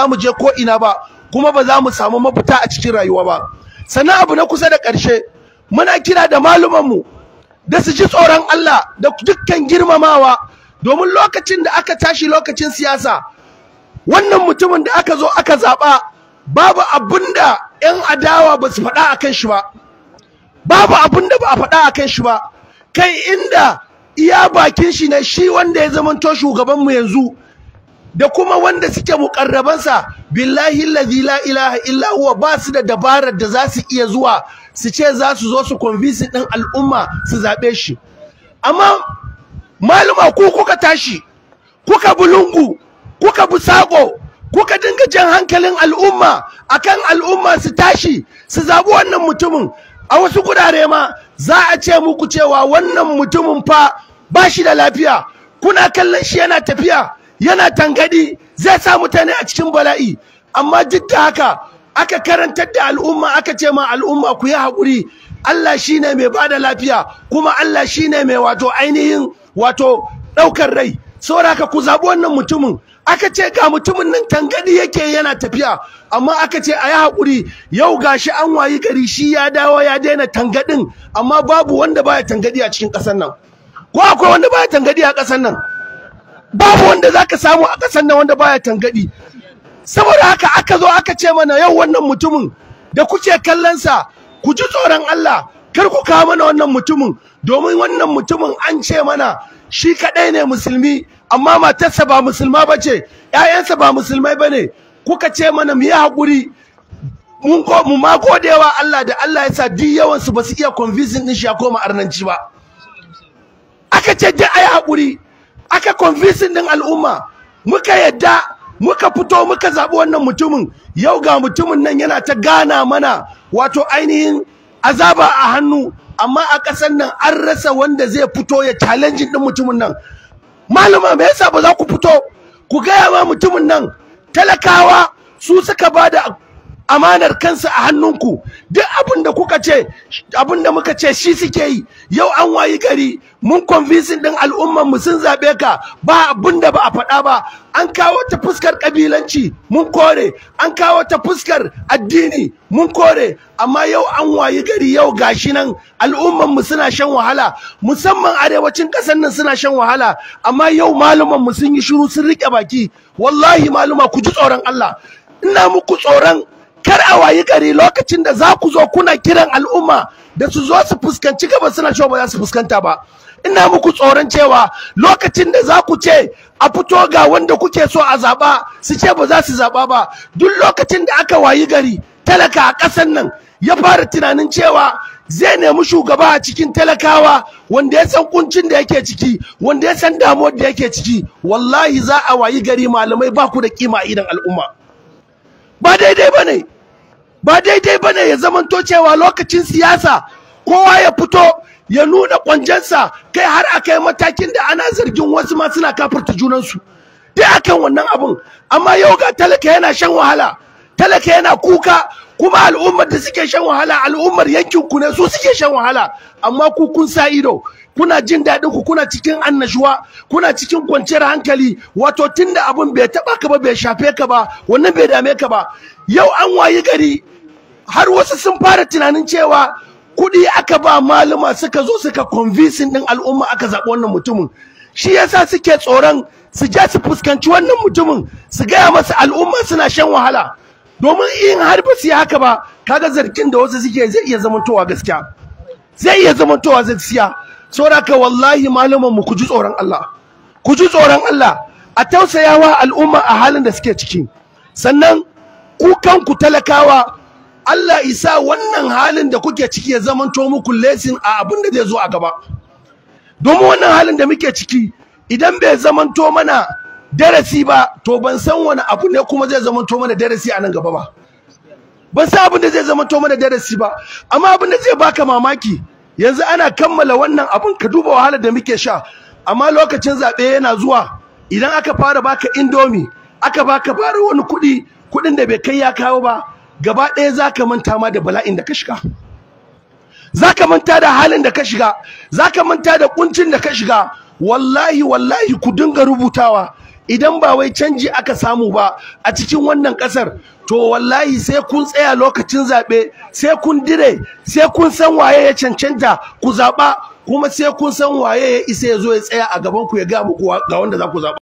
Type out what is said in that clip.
za mu je ko ina ba kuma ba za mu samu mafita a cikin rayuwa ba sannan abu na kusa da ƙarshe muna kira da malumanmu da su ji tsoron Allah da dukkan girmamawa domin lokacin da aka tashi lokacin siyasa wannan mutumin da aka zo aka zaɓa babu abin da 'yan adawa ba su faɗa a kan shi ba babu abin da ba a faɗa a kan shi ba kai inda iya bakin shi ne shi wanda ya zamanto shugabanmu yanzu da kuma wanda suke mukarrabansa billahi allazi la ilaha illa huwa ba su da dabarar da za su iya zuwa su ce za su zo su convince din al'umma su zabe shi amma maluma ku kuka tashi kuka bulungu kuka busago kuka dinga jan hankalin al'umma akan al'umma su tashi su zabi wannan mutumin a wasu gurare ma za a ce muku cewa wannan mutumin fa ba shi da lafiya kuna kallon shi yana tafiya yana tangadi zai sa mutane a cikin bala'i amma duk da haka aka karantar da al'umma aka ce ma al'umma ku yi haƙuri Allah shi ne mai bada lafiya kuma Allah shi ne mai wato ainihin wato ɗaukar rai saboda ka ku zaɓi wannan mutumin aka ce ga mutumin nan tangadi yake yana tafiya amma aka ce a yi haƙuri yau gashi an wayi gari shi ya dawo ya daina tangadin amma babu wanda baya tangadi a cikin ƙasar nan ko akwai wanda baya tangadi a ƙasar nan babu wanda zaka samu a ƙasar nan wanda baya tangadi saboda haka aka zo aka ce mana yau wannan mutumin da kuke kallonsa ku ji tsoron Allah kar ku kawo mana wannan mutumin domin wannan mutumin an ce mana shi kaɗai ne musulmi amma matarsa ba musulma ba ce ‘ya'yansa ba musulmai ba ne kuka ce mana mu yi haƙuri mu ma godewa Allah da Allah ya sa duk yawansu ba su iya convincing in shi ya koma arnanci ba aka ce dai ayi yi haƙuri aka convincing din al'umma muka yadda muka fito muka zaɓi wannan mutumin yau ga mutumin nan yana ta gana mana wato ainihin azaba a hannu amma a kasan nan an rasa wanda zai fito ya challenge din mutumin nan malama me yasa ba za ku fito ku gaya ba mutumin nan talakawa su suka bada amanar kansa a hannunku duk abin da kuka ce abin muka ce shi suke yi yau an wayi gari mun convincing din al'umman mu sun zabe ka ba abin ba a faɗa ba an kawo ta fuskar kabilanci mun kore an kawo ta fuskar addini mun kore amma yau an wayi gari yau gashi nan al'umman mu suna shan wahala musamman arewacin ƙasar nan suna shan wahala amma yau maluman mu sun yi shiru sun rike baki wallahi maluma ku ji tsoron Allah ina muku tsoron kar a wayi gari lokacin da za ku zo kuna kiran al'umma da su zo su fuskanci gaba suna cewa ba za su fuskanta ba ina muku tsoron cewa lokacin da za ku ce a fito ga wanda kuke so a zaba su ce ba za su zaba ba duk lokacin da aka wayi gari talaka a ƙasar nan ya fara tunanin cewa zai nemi shugaba a cikin talakawa wanda ya san kuncin da yake ciki wanda ya san damuwar da yake ciki wallahi za a wayi gari malamai ba ku da kima a idan al'umma ba daidai ba ne ba daidai ba ne ya to cewa lokacin siyasa kowa ya fito ya nuna kwanjensa kai har a kai matakin da ana zargin wasu ma suna kafirta junansu dai akan wannan abun amma yau ga talaka yana shan wahala talaka yana kuka kuma al'ummar da suke shan wahala al'ummar yankin ku ne su suke shan wahala amma ku kun sa ido kuna jin daɗin ku kuna cikin annashuwa kuna cikin kwanciyar hankali wato tunda abun bai taɓa ka ba bai shafe ka ba wannan bai dame ka ba yau an wayi gari har wasu sun fara tunanin cewa kuɗi aka ba malama suka zo suka convincing ɗin al'umma aka zaɓi wannan mutumin shi yasa suke tsoron su je su fuskanci wannan mutumin su gaya masa al'umma suna shan wahala domin in har ba su yi haka ba kaga zargin da wasu suke zai iya zamantowa gaskiya zai iya zamantowa gaskiya saboda wallahi malaman mu ku ji tsoron Allah ku ji tsoron Allah a tausayawa al'umma a halin da suke ciki sannan ku kanku talakawa Allah isa wannan halin da kuke ciki ya to muku lesson a abin da zai zo a gaba domin wannan halin da muke ciki idan bai to mana darasi ba to ban san wani abu ne kuma zai to mana darasi a nan gaba ba ban san abin da zai to mana darasi ba amma abin da zai baka mamaki yanzu ana kammala wannan abun ka duba wahalar da muke sha amma lokacin zaɓe yana zuwa idan aka fara baka indomi aka baka fara wani kuɗi kuɗin da bai kai ya kawo ba gaba ɗaya za ka manta ma da bala'in da ka shiga za ka manta da halin da ka shiga za ka manta da kuncin da ka shiga wallahi wallahi ku dinga rubutawa idan ba wai canji aka samu ba a cikin wannan ƙasar to wallahi sai kun tsaya lokacin zaɓe sai kun dire sai kun san waye ya cancanta ku zaɓa kuma sai kun san waye ya isa ya zo ya tsaya a gaban ku ya ga muku ga wanda za ku zaɓa